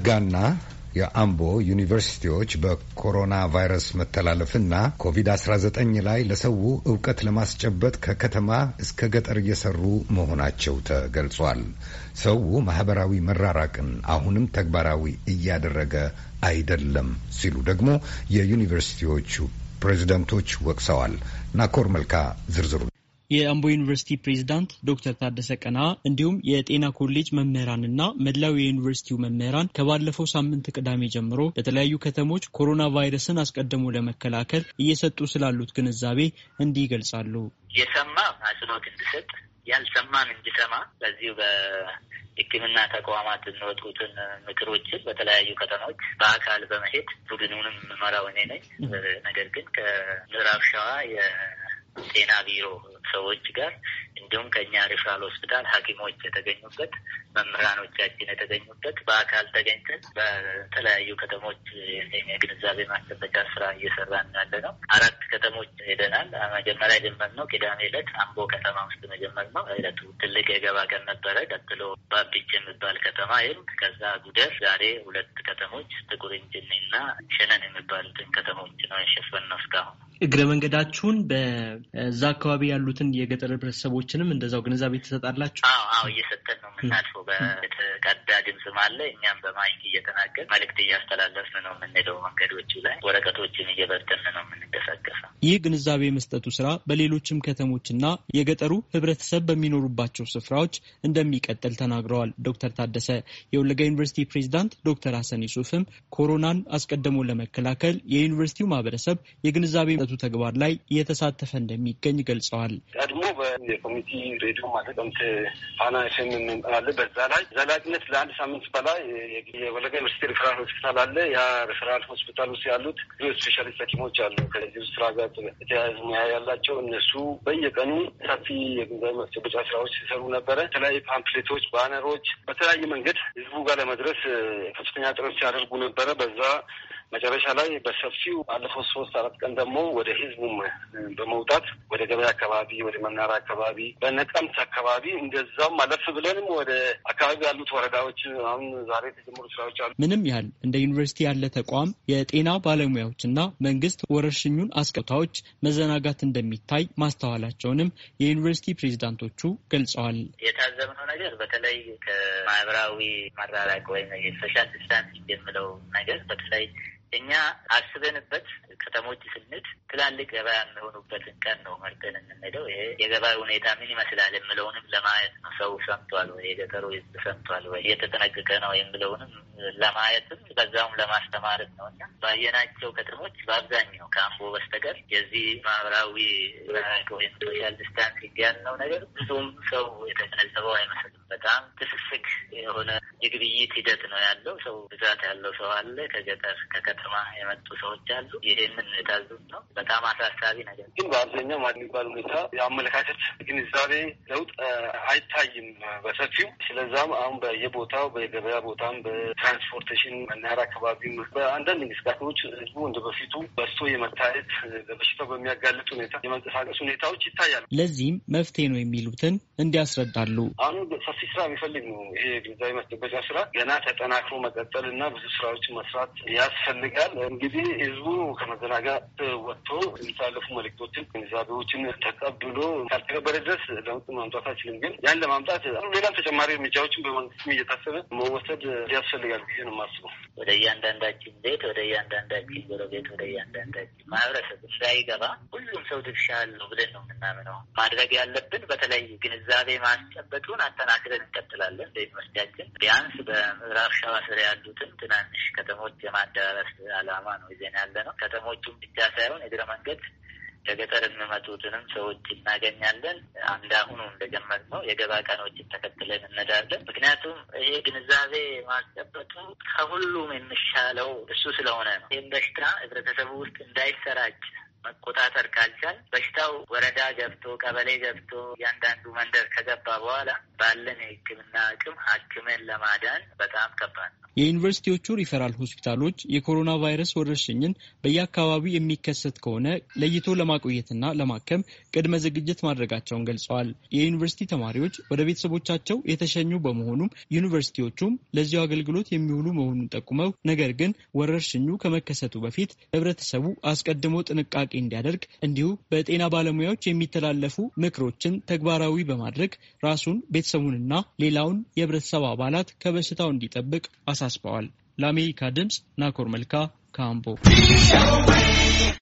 የወለጋና የአምቦ ዩኒቨርሲቲዎች በኮሮና ቫይረስ መተላለፍና ኮቪድ-19 ላይ ለሰው እውቀት ለማስጨበጥ ከከተማ እስከ ገጠር እየሰሩ መሆናቸው ተገልጿል። ሰው ማህበራዊ መራራቅን አሁንም ተግባራዊ እያደረገ አይደለም ሲሉ ደግሞ የዩኒቨርሲቲዎቹ ፕሬዚደንቶች ወቅሰዋል። ናኮር መልካ ዝርዝሩ። የአምቦ ዩኒቨርሲቲ ፕሬዚዳንት ዶክተር ታደሰ ቀና እንዲሁም የጤና ኮሌጅ መምህራንና መላው የዩኒቨርሲቲው መምህራን ከባለፈው ሳምንት ቅዳሜ ጀምሮ በተለያዩ ከተሞች ኮሮና ቫይረስን አስቀድሞ ለመከላከል እየሰጡ ስላሉት ግንዛቤ እንዲህ ይገልጻሉ። የሰማ አጽንኦት እንዲሰጥ ያልሰማም እንዲሰማ በዚሁ በሕክምና ተቋማት እንወጡትን ምክሮችን በተለያዩ ከተማዎች በአካል በመሄድ ቡድኑንም የምመራው እኔ ነኝ። ነገር ግን ከምዕራብ ሸዋ የጤና ቢሮ ሰዎች ጋር እንዲሁም ከኛ ሪፍራል ሆስፒታል ሐኪሞች የተገኙበት መምህራኖቻችን የተገኙበት በአካል ተገኝተን በተለያዩ ከተሞች የግንዛቤ ማስጨበጫ ስራ እየሰራ ያለ ነው። አራት ከተሞች ሄደናል። መጀመሪያ የጀመርነው ቅዳሜ ዕለት አምቦ ከተማ ውስጥ መጀመር ነው። ዕለቱ ትልቅ የገባ ቀን ነበረ። ቀጥሎ ባቢች የሚባል ከተማ ይም ከዛ ጉደር፣ ዛሬ ሁለት ከተሞች ጥቁር እንጅኒ እና ሸነን የሚባሉትን ከተሞች ነው የሸፈን ነው እስካሁን እግረ መንገዳችሁን በዛ አካባቢ ያሉትን የገጠር ህብረተሰቦችንም እንደዛው ግንዛቤ ትሰጣላችሁ? አዎ አዎ፣ እየሰጠን ነው የምናልፈው። በተቀዳ ድምፅም አለ እኛም በማይክ እየተናገር መልእክት እያስተላለፍን ነው የምንሄደው። መንገዶቹ ላይ ወረቀቶችን እየበተን ነው የምንንቀሳቀሰው። ይህ ግንዛቤ መስጠቱ ስራ በሌሎችም ከተሞችና የገጠሩ ህብረተሰብ በሚኖሩባቸው ስፍራዎች እንደሚቀጥል ተናግረዋል ዶክተር ታደሰ። የወለጋ ዩኒቨርሲቲ ፕሬዚዳንት ዶክተር ሀሰን ዩሱፍም ኮሮናን አስቀድሞ ለመከላከል የዩኒቨርሲቲው ማህበረሰብ የግንዛቤ በጥምረቱ ተግባር ላይ እየተሳተፈ እንደሚገኝ ገልጸዋል። ቀድሞ የኮሚኒቲ ሬዲዮ ማጠቀምት ፋና ኤፍኤም አለ። በዛ ላይ ዘላቂነት ለአንድ ሳምንት በላይ የወለጋ ዩኒቨርሲቲ ሪፈራል ሆስፒታል አለ። ያ ሪፈራል ሆስፒታል ውስጥ ያሉት ስፔሻሊስት ሐኪሞች አሉ። ከዚህ ስራ ጋር የተያያዙ ሙያ ያላቸው እነሱ በየቀኑ ሰፊ የግንዛቤ ማስጨበጫ ስራዎች ሲሰሩ ነበረ። የተለያዩ ፓምፕሌቶች፣ ባነሮች በተለያየ መንገድ ህዝቡ ጋር ለመድረስ ከፍተኛ ጥረት ሲያደርጉ ነበረ። በዛ መጨረሻ ላይ በሰፊው ባለፈው ሶስት አራት ቀን ደግሞ ወደ ህዝቡም በመውጣት ወደ ገበያ አካባቢ፣ ወደ መናራ አካባቢ፣ በነቀምት አካባቢ እንደዛም አለፍ ብለንም ወደ አካባቢ ያሉት ወረዳዎች አሁን ዛሬ የተጀመሩ ስራዎች አሉ። ምንም ያህል እንደ ዩኒቨርሲቲ ያለ ተቋም የጤና ባለሙያዎች እና መንግስት ወረርሽኙን አስቀታዎች መዘናጋት እንደሚታይ ማስተዋላቸውንም የዩኒቨርሲቲ ፕሬዚዳንቶቹ ገልጸዋል። የታዘብነው ነገር በተለይ ከማህበራዊ መራራቅ ወይም የሶሻል ዲስታንስ የምለው ነገር በተለይ እኛ አስበንበት ከተሞች ስንድ ትላልቅ ገበያ የሚሆኑበትን ቀን ነው መርጠን የምንሄደው። ይሄ የገበያ ሁኔታ ምን ይመስላል የምለውንም ለማየት ነው። ሰው ሰምቷል ወይ? የገጠሩ ህዝብ ሰምቷል ወይ? እየተጠነቀቀ ነው የምለውንም ለማየትም በዛውም ለማስተማርም ነው እና ባየናቸው ከተሞች በአብዛኛው ከአምቦ በስተቀር የዚህ ማህበራዊ ወይም ሶሻል ዲስታንስ ያልነው ነገር ብዙም ሰው የተገነዘበው አይመስልም። በጣም ትስስግ የሆነ የግብይት ሂደት ነው ያለው። ሰው ብዛት ያለው ሰው አለ። ከገጠር ከከተማ የመጡ ሰዎች አሉ። ይህንን የታዙት ነው። በጣም አሳሳቢ ነገር ግን በአብዛኛው የሚባል ሁኔታ የአመለካከት ግንዛቤ ለውጥ አይታይም በሰፊው። ስለዛም አሁን በየቦታው በገበያ ቦታም በትራንስፖርቴሽን መናኸሪያ አካባቢም በአንዳንድ እንቅስቃሴዎች ህዝቡ እንደ በፊቱ በስቶ የመታየት በበሽታው በሚያጋልጥ ሁኔታ የመንቀሳቀስ ሁኔታዎች ይታያሉ። ለዚህም መፍትሄ ነው የሚሉትን እንዲያስረዳሉ አሁን ሰፊ ስራ የሚፈልግ ነው። ይሄ ግንዛቤ ማስጨበጫ ስራ ገና ተጠናክሮ መቀጠል እና ብዙ ስራዎችን መስራት ያስፈልጋል። እንግዲህ ህዝቡ ከመዘናጋት ወጥቶ የሚታለፉ መልእክቶችን፣ ግንዛቤዎችን ተቀብሎ ካልተቀበለ ድረስ ለውጥ ማምጣት አይችልም። ግን ያን ለማምጣት ሌላም ተጨማሪ እርምጃዎችን በመንግስትም እየታሰበ መወሰድ ያስፈልጋል ብዬ ነው የማስበው። ወደ እያንዳንዳችን ቤት፣ ወደ እያንዳንዳችን ጎረቤት፣ ወደ እያንዳንዳችን ማህበረሰብ እንዳይገባ ሁሉም ሰው ድርሻ አለው ብለን ነው የምናምነው። ማድረግ ያለብን በተለይ ግንዛቤ ማስጨበጡን አጠናክረን እንቀጥላለን። በዩኒቨርሲቲያችን ቢያንስ በምዕራብ ሸዋ ስር ያሉትን ትናንሽ ከተሞች የማደራረስ አላማ ነው ይዘን ያለ ነው። ከተሞቹም ብቻ ሳይሆን እግረ መንገድ ከገጠር የሚመጡትንም ሰዎች እናገኛለን። አንድ አሁኑ ነው የገባ ቀኖችን ተከትለን እንሄዳለን። ምክንያቱም ይሄ ግንዛቤ ማስጨበጡ ከሁሉም የሚሻለው እሱ ስለሆነ ነው። ይህም በሽታ ህብረተሰቡ ውስጥ እንዳይሰራጭ መቆጣጠር ካልቻል በሽታው ወረዳ ገብቶ ቀበሌ ገብቶ እያንዳንዱ መንደር ከገባ በኋላ ባለን የህክምና አቅም ሐኪምን ለማዳን በጣም ከባድ ነው። የዩኒቨርሲቲዎቹ ሪፈራል ሆስፒታሎች የኮሮና ቫይረስ ወረርሽኝን በየአካባቢው የሚከሰት ከሆነ ለይቶ ለማቆየትና ለማከም ቅድመ ዝግጅት ማድረጋቸውን ገልጸዋል። የዩኒቨርሲቲ ተማሪዎች ወደ ቤተሰቦቻቸው የተሸኙ በመሆኑም ዩኒቨርሲቲዎቹም ለዚሁ አገልግሎት የሚውሉ መሆኑን ጠቁመው፣ ነገር ግን ወረርሽኙ ከመከሰቱ በፊት ህብረተሰቡ አስቀድሞ ጥንቃቄ እንዲያደርግ እንዲሁ በጤና ባለሙያዎች የሚተላለፉ ምክሮችን ተግባራዊ በማድረግ ራሱን ቤተሰቡንና ሌላውን የህብረተሰብ አባላት ከበሽታው እንዲጠብቅ አሳ አሳስበዋል። ለአሜሪካ ድምፅ ናኮር መልካ ካምቦ